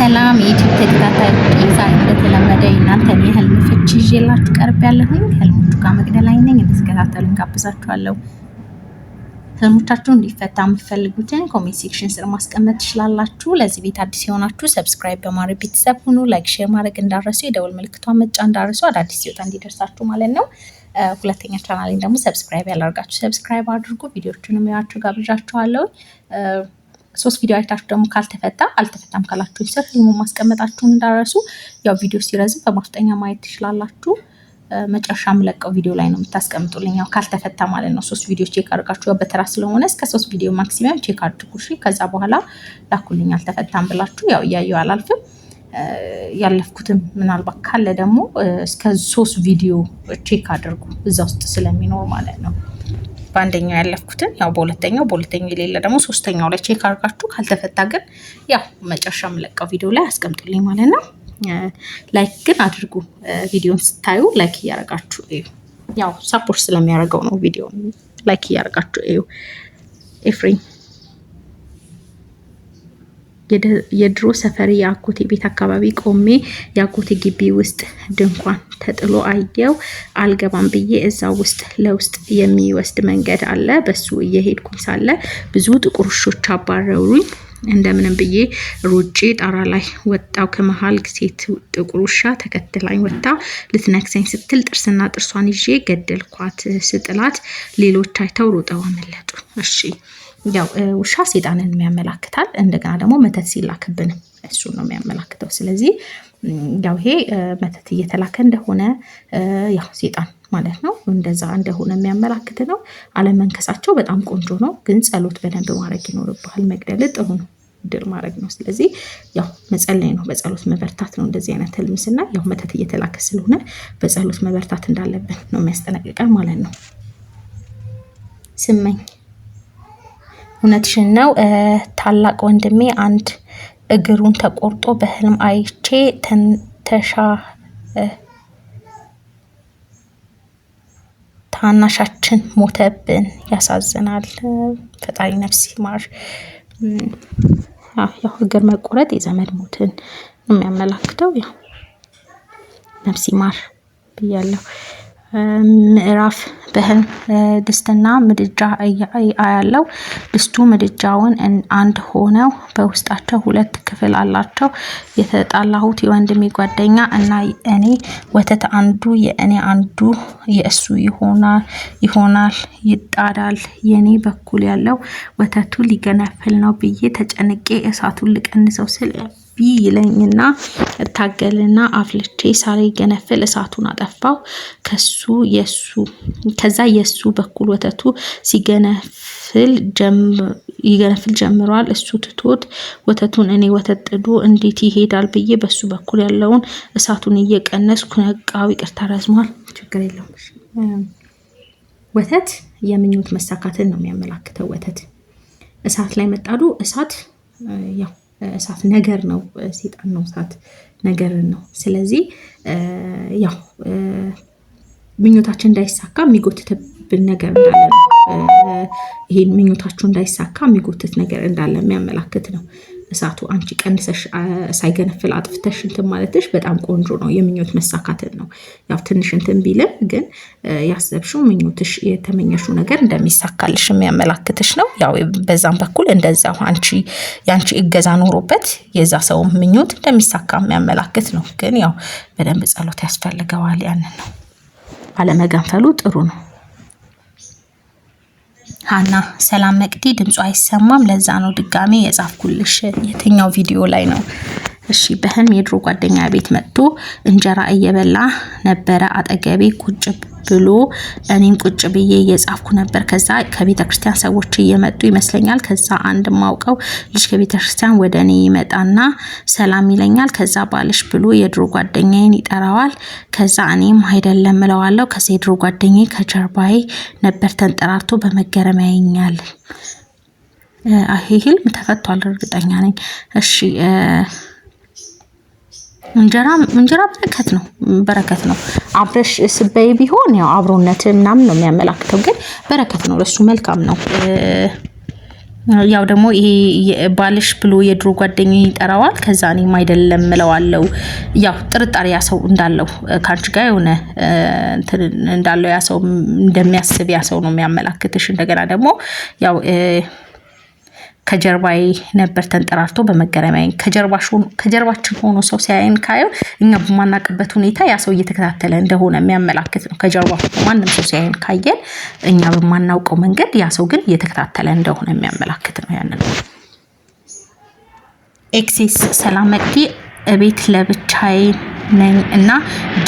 ሰላም የዩቲዩብ ተከታታዮች፣ ዛሬ እንደተለመደ እናንተን የህልም ፍቺ ይዤላችሁ ቀርብ ያለሁኝ ህልሞቹ ጋር መግደል ነኝ። እንድትከታተሉኝ ጋብዛችኋለሁ። ህልሞቻችሁ እንዲፈታ የምትፈልጉትን ኮሜንት ሴክሽን ስር ማስቀመጥ ትችላላችሁ። ለዚህ ቤት አዲስ የሆናችሁ ሰብስክራይብ በማድረግ ቤተሰብ ሁኑ። ላይክ፣ ሼር ማድረግ እንዳረሱ፣ የደውል ምልክቷን መጫ እንዳረሱ፣ አዳዲስ ሲወጣ እንዲደርሳችሁ ማለት ነው። ሁለተኛ ቻናሌን ደግሞ ሰብስክራይብ ያላርጋችሁ ሰብስክራይብ አድርጉ። ቪዲዮቹንም ያችሁ ጋብዣችኋለሁ። ሶስት ቪዲዮ አይታችሁ ደግሞ ካልተፈታ አልተፈታም ካላችሁ ስር ፊልሙ ማስቀመጣችሁን እንዳረሱ። ያው ቪዲዮ ሲረዝም በማፍጠኛ ማየት ትችላላችሁ። መጨረሻ የምለቀው ቪዲዮ ላይ ነው የምታስቀምጡልኝ። ያው ካልተፈታ ማለት ነው። ሶስት ቪዲዮ ቼክ አድርጋችሁ ያው በተራ ስለሆነ እስከ ሶስት ቪዲዮ ማክሲመም ቼክ አድርጉ። እሺ፣ ከዛ በኋላ ላኩልኝ አልተፈታም ብላችሁ ያው እያየው አላልፍም። ያለፍኩትም ምናልባት ካለ ደግሞ እስከ ሶስት ቪዲዮ ቼክ አድርጉ እዛ ውስጥ ስለሚኖር ማለት ነው። በአንደኛው ያለፍኩትን ያው በሁለተኛው በሁለተኛው የሌለ ደግሞ ሶስተኛው ላይ ቼክ አድርጋችሁ ካልተፈታ ግን ያው መጨረሻ የምለቀው ቪዲዮ ላይ አስቀምጡልኝ ማለት ነው። ላይክ ግን አድርጉ። ቪዲዮን ስታዩ ላይክ እያረጋችሁ እዩ። ያው ሰፖርት ስለሚያደርገው ነው ቪዲዮ ላይክ እያረጋችሁ እዩ ኤፍሬም የድሮ ሰፈሪ የአጎቴ ቤት አካባቢ ቆሜ የአጎቴ ግቢ ውስጥ ድንኳን ተጥሎ አየው። አልገባም ብዬ እዛ ውስጥ ለውስጥ የሚወስድ መንገድ አለ። በሱ እየሄድኩኝ ሳለ ብዙ ጥቁር ውሾች አባረሩኝ። እንደምንም ብዬ ሮጬ ጣራ ላይ ወጣው። ከመሀል ሴት ጥቁር ውሻ ተከትላኝ ወጣ። ልትነክሰኝ ስትል ጥርስና ጥርሷን ይዤ ገደልኳት። ስጥላት ሌሎች አይተው ሮጠው አመለጡ። እሺ ያው ውሻ ሴጣንን የሚያመላክታል። እንደገና ደግሞ መተት ሲላክብን እሱ ነው የሚያመላክተው። ስለዚህ ያው ይሄ መተት እየተላከ እንደሆነ ያው ሴጣን ማለት ነው እንደዛ እንደሆነ የሚያመላክት ነው። አለመንከሳቸው በጣም ቆንጆ ነው፣ ግን ጸሎት በደንብ ማድረግ ይኖርብሃል። መግደል ጥሩ ነው ድር ማድረግ ነው። ስለዚህ ያው መጸለይ ነው፣ በጸሎት መበርታት ነው። እንደዚህ አይነት ህልም ያው መተት እየተላከ ስለሆነ በጸሎት መበርታት እንዳለብን ነው የሚያስጠነቅቀን ማለት ነው። ስመኝ እውነትሽን ነው ታላቅ ወንድሜ አንድ እግሩን ተቆርጦ በህልም አይቼ ተንተሻ ታናሻችን ሞተብን። ያሳዝናል። ፈጣሪ ነፍስ ይማር። ያው እግር መቆረጥ የዘመድ ሞትን የሚያመላክተው። ያው ነፍስ ይማር ብያለሁ። ምዕራፍ በህልም ድስትና ምድጃ አያለው። ድስቱ ምድጃውን አንድ ሆነው በውስጣቸው ሁለት ክፍል አላቸው። የተጣላሁት የወንድሜ ጓደኛ እና እኔ ወተት አንዱ የእኔ አንዱ የእሱ ይሆናል ይጣዳል። የኔ በኩል ያለው ወተቱ ሊገነፍል ነው ብዬ ተጨንቄ እሳቱን ልቀንሰው ስል ይለኝና እታገልና አፍልቼ ሳሬ ገነፍል እሳቱን አጠፋው። ከሱ የሱ ከዛ የሱ በኩል ወተቱ ሲገነፍል ይገነፍል ጀምሯል። እሱ ትቶት ወተቱን እኔ ወተት ጥዶ እንዴት ይሄዳል ብዬ በሱ በኩል ያለውን እሳቱን እየቀነስኩ ነቃው። ይቅርታ ረዝሟል፣ ችግር የለውም። ወተት የምኞት መሳካትን ነው የሚያመላክተው። ወተት እሳት ላይ መጣዱ እሳት ያው እሳት ነገር ነው፣ ሴጣን ነው፣ እሳት ነገርን ነው። ስለዚህ ያው ምኞታችን እንዳይሳካ የሚጎትትብን ነገር እንዳለ ነው። ይህን ምኞታችሁ እንዳይሳካ የሚጎትት ነገር እንዳለ የሚያመላክት ነው። እሳቱ አንቺ ቀንሰሽ ሳይገነፍል አጥፍተሽ እንትን ማለትሽ በጣም ቆንጆ ነው። የምኞት መሳካትን ነው። ያው ትንሽ እንትን ቢልም ግን ያሰብሽው ምኞትሽ፣ የተመኘሽው ነገር እንደሚሳካልሽ የሚያመላክትሽ ነው። ያው በዛም በኩል እንደዛው አንቺ የአንቺ እገዛ ኖሮበት የዛ ሰው ምኞት እንደሚሳካ የሚያመላክት ነው። ግን ያው በደንብ ጸሎት ያስፈልገዋል። ያንን ነው አለመገንፈሉ ጥሩ ነው። ሀና ሰላም መቅዲ ድምጿ አይሰማም። ለዛ ነው ድጋሜ የጻፍኩልሽ። የትኛው ቪዲዮ ላይ ነው እሺ በህም የድሮ ጓደኛ ቤት መጥቶ እንጀራ እየበላ ነበረ። አጠገቤ ቁጭ ብሎ እኔም ቁጭ ብዬ እየጻፍኩ ነበር። ከዛ ከቤተ ክርስቲያን ሰዎች እየመጡ ይመስለኛል። ከዛ አንድ ማውቀው ልጅ ከቤተ ክርስቲያን ወደ እኔ ይመጣና ሰላም ይለኛል። ከዛ ባልሽ ብሎ የድሮ ጓደኛዬን ይጠራዋል። ከዛ እኔም አይደለም እለዋለሁ። ከዛ የድሮ ጓደኛዬ ከጀርባዬ ነበር ተንጠራርቶ በመገረም ያየኛል። ይህ ህልም ተፈቷል፣ እርግጠኛ ነኝ። እሺ እንጀራ በረከት ነው በረከት ነው። አብረሽ ስበይ ቢሆን ያው አብሮነት ምናምን ነው የሚያመላክተው፣ ግን በረከት ነው ለሱ መልካም ነው። ያው ደግሞ ይሄ ባልሽ ብሎ የድሮ ጓደኛ ይጠራዋል። ከዛ እኔም አይደለም ምለዋለው። ያው ጥርጣሬ ያ ሰው እንዳለው ከአንቺ ጋር የሆነ እንዳለው ያ ሰው እንደሚያስብ ያ ሰው ነው የሚያመላክትሽ። እንደገና ደግሞ ያው ከጀርባዬ ነበር ተንጠራርቶ በመገረሚያ ከጀርባችን ሆኖ ሰው ሲያይን ካየን እኛ በማናቅበት ሁኔታ ያ ሰው እየተከታተለ እንደሆነ የሚያመላክት ነው። ከጀርባ ማንም ሰው ሲያይን ካየን እኛ በማናውቀው መንገድ ያ ሰው ግን እየተከታተለ እንደሆነ የሚያመላክት ነው። ያንን ኤክሴስ ሰላም መቅዲ እቤት ለብቻዬ ነኝ እና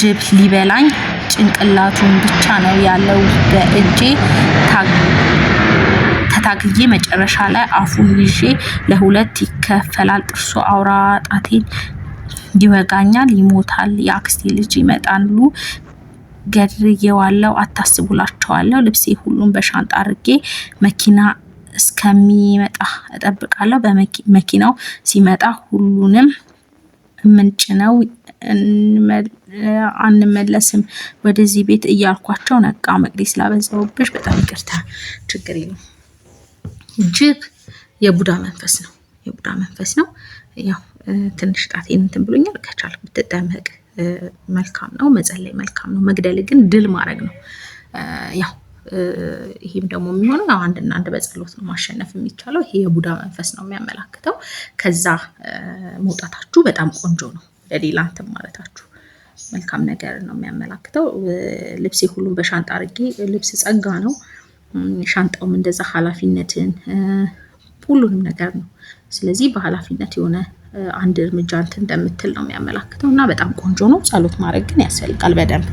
ጅብ ሊበላኝ ጭንቅላቱን ብቻ ነው ያለው በእጄ ታክዬ መጨረሻ ላይ አፉን ይዤ ለሁለት ይከፈላል። ጥርሱ አውራ ጣቴን ይወጋኛል፣ ይሞታል። የአክስቴ ልጅ ይመጣሉ ገድዬዋለሁ፣ አታስቡላቸዋለሁ። ልብሴ ሁሉም በሻንጣ አድርጌ መኪና እስከሚመጣ እጠብቃለሁ። በመኪናው ሲመጣ ሁሉንም ምንጭ ነው አንመለስም ወደዚህ ቤት እያልኳቸው ነቃ። መቅዴ ስላበዛውብሽ በጣም ይቅርታ። ችግር የለም። ጅብ የቡዳ መንፈስ ነው። የቡዳ መንፈስ ነው። ያው ትንሽ ጣቴን እንትን ብሎኛል። ከቻል ብትጠመቅ መልካም ነው፣ መጸለይ መልካም ነው። መግደል ግን ድል ማድረግ ነው። ያው ይህም ደግሞ የሚሆነው ያው አንድና አንድ በጸሎት ነው ማሸነፍ የሚቻለው። ይሄ የቡዳ መንፈስ ነው የሚያመላክተው። ከዛ መውጣታችሁ በጣም ቆንጆ ነው። ለሌላ እንትን ማለታችሁ መልካም ነገር ነው የሚያመላክተው። ልብሴ ሁሉም በሻንጣ አድርጌ ልብስ ጸጋ ነው። ሻንጣውም እንደዛ ኃላፊነትን ሁሉንም ነገር ነው። ስለዚህ በኃላፊነት የሆነ አንድ እርምጃ እንትን እንደምትል ነው የሚያመላክተው እና በጣም ቆንጆ ነው። ጸሎት ማድረግ ግን ያስፈልጋል በደንብ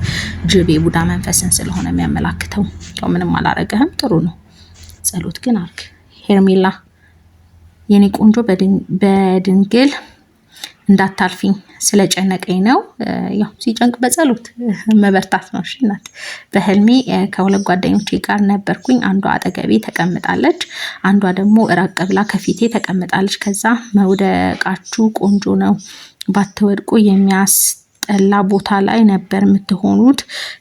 ጅቤ ቡዳ መንፈስን ስለሆነ የሚያመላክተው ያው ምንም አላረገህም፣ ጥሩ ነው። ጸሎት ግን አርግ ሄርሜላ የኔ ቆንጆ በድንግል እንዳታልፊኝ ስለጨነቀኝ ነው። ያው ሲጨንቅ በጸሎት መበርታት ነው። እሺ እናት። በህልሜ ከሁለት ጓደኞቼ ጋር ነበርኩኝ። አንዷ አጠገቤ ተቀምጣለች፣ አንዷ ደግሞ ራቅ ብላ ከፊቴ ተቀምጣለች። ከዛ መውደቃችሁ ቆንጆ ነው፣ ባትወድቁ የሚያስጠላ ቦታ ላይ ነበር የምትሆኑት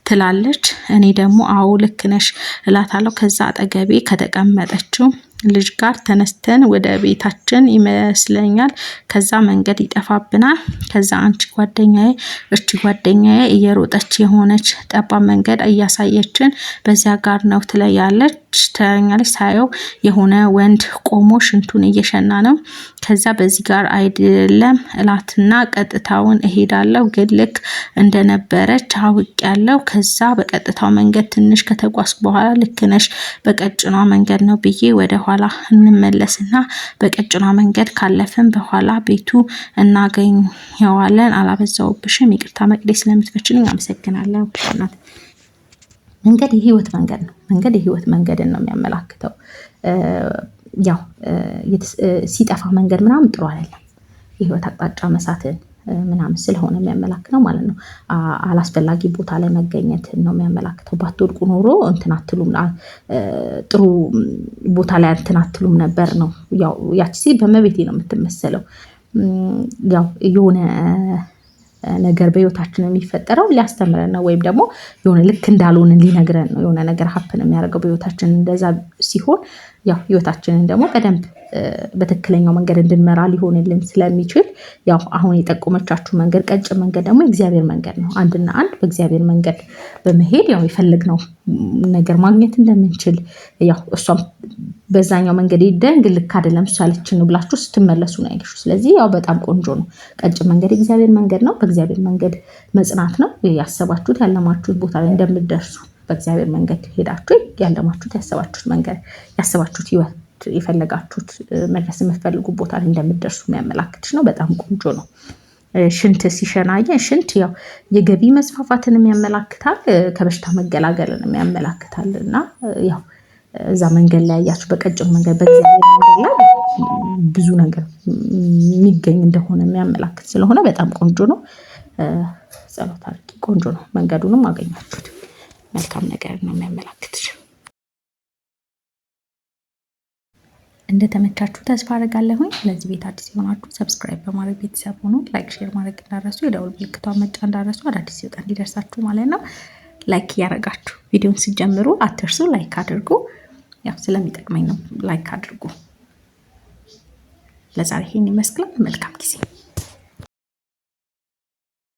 ትላለች። እኔ ደግሞ አዎ ልክ ነሽ እላታለሁ። ከዛ አጠገቤ ከተቀመጠችው ልጅ ጋር ተነስተን ወደ ቤታችን ይመስለኛል። ከዛ መንገድ ይጠፋብናል። ከዛ አንቺ ጓደኛዬ እርቺ ጓደኛዬ እየሮጠች የሆነች ጠባብ መንገድ እያሳየችን በዚያ ጋር ነው ትለያለች፣ ትለኛለች። ሳየው የሆነ ወንድ ቆሞ ሽንቱን እየሸና ነው። ከዛ በዚህ ጋር አይደለም እላትና ቀጥታውን እሄዳለሁ። ግን ልክ እንደነበረች አውቅ ያለው። ከዛ በቀጥታው መንገድ ትንሽ ከተጓዝ በኋላ ልክ ነሽ በቀጭኗ መንገድ ነው ብዬ ወደ በኋላ እንመለስና በቀጭኗ መንገድ ካለፍን በኋላ ቤቱ እናገኘዋለን። አላበዛውብሽም። ይቅርታ መቅደስ ስለምትፈችልኝ አመሰግናለሁ። ናት መንገድ የህይወት መንገድ ነው። መንገድ የህይወት መንገድን ነው የሚያመላክተው። ያው ሲጠፋ መንገድ ምናምን ጥሩ አይደለም። የህይወት አቅጣጫ መሳትን ምናምን ስለሆነ የሚያመላክተው ማለት ነው። አላስፈላጊ ቦታ ላይ መገኘት ነው የሚያመላክተው። ባትወድቁ ኖሮ እንትናትሉም ጥሩ ቦታ ላይ እንትናትሉም ነበር ነው። ያው ያቺ ሴት በመቤቴ ነው የምትመሰለው። ያው የሆነ ነገር በህይወታችን የሚፈጠረው ሊያስተምረን ነው፣ ወይም ደግሞ የሆነ ልክ እንዳልሆንን ሊነግረን ነው። የሆነ ነገር ሀፕን የሚያደርገው በህይወታችን እንደዛ ሲሆን ያው ህይወታችንን ደግሞ በደንብ በትክክለኛው መንገድ እንድንመራ ሊሆንልን ስለሚችል ያው አሁን የጠቆመቻችሁ መንገድ ቀጭን መንገድ ደግሞ የእግዚአብሔር መንገድ ነው። አንድና አንድ በእግዚአብሔር መንገድ በመሄድ ያው የፈለግነው ነገር ማግኘት እንደምንችል ያው እሷም በዛኛው መንገድ ደንግ ልክ አይደለም ቻለችን ብላችሁ ስትመለሱ ነው ያገሹ። ስለዚህ ያው በጣም ቆንጆ ነው። ቀጭን መንገድ የእግዚአብሔር መንገድ ነው። በእግዚአብሔር መንገድ መጽናት ነው። ያሰባችሁት ያለማችሁት ቦታ ላይ እንደምትደርሱ በእግዚአብሔር መንገድ ሄዳችሁ ያለማችሁት ያሰባችሁት መንገድ ያሰባችሁት ህይወት የፈለጋችሁት መድረስ የምትፈልጉ ቦታ ላይ የሚያመላክትሽ ነው። በጣም ቆንጆ ነው። ሽንት ሲሸናየ ሽንት ያው የገቢ መስፋፋትንም ያመላክታል፣ ከበሽታ መገላገልን የሚያመላክታል እና ያው እዛ መንገድ ላይ ያያችሁ በቀጭን መንገድ በእግዚአብሔር መንገድ ላይ ብዙ ነገር የሚገኝ እንደሆነ የሚያመላክት ስለሆነ በጣም ቆንጆ ነው። ጸሎት አድርጊ። ቆንጆ ነው። መንገዱንም አገኛችሁት። መልካም ነገር ነው የሚያመላክትሽ። እንደተመቻችሁ ተስፋ አደርጋለሁኝ። ለዚህ ቤት አዲስ የሆናችሁ ሰብስክራይብ በማድረግ ቤተሰብ ሆኑ። ላይክ፣ ሼር ማድረግ እንዳረሱ፣ የደውል ምልክቷን መጫ እንዳረሱ፣ አዳዲስ ይወጣ እንዲደርሳችሁ ማለት ነው። ላይክ እያደረጋችሁ ቪዲዮን ሲጀምሩ አትርሱ፣ ላይክ አድርጉ። ያው ስለሚጠቅመኝ ነው ላይክ አድርጉ። ለዛሬ ይሄን ይመስላል። መልካም ጊዜ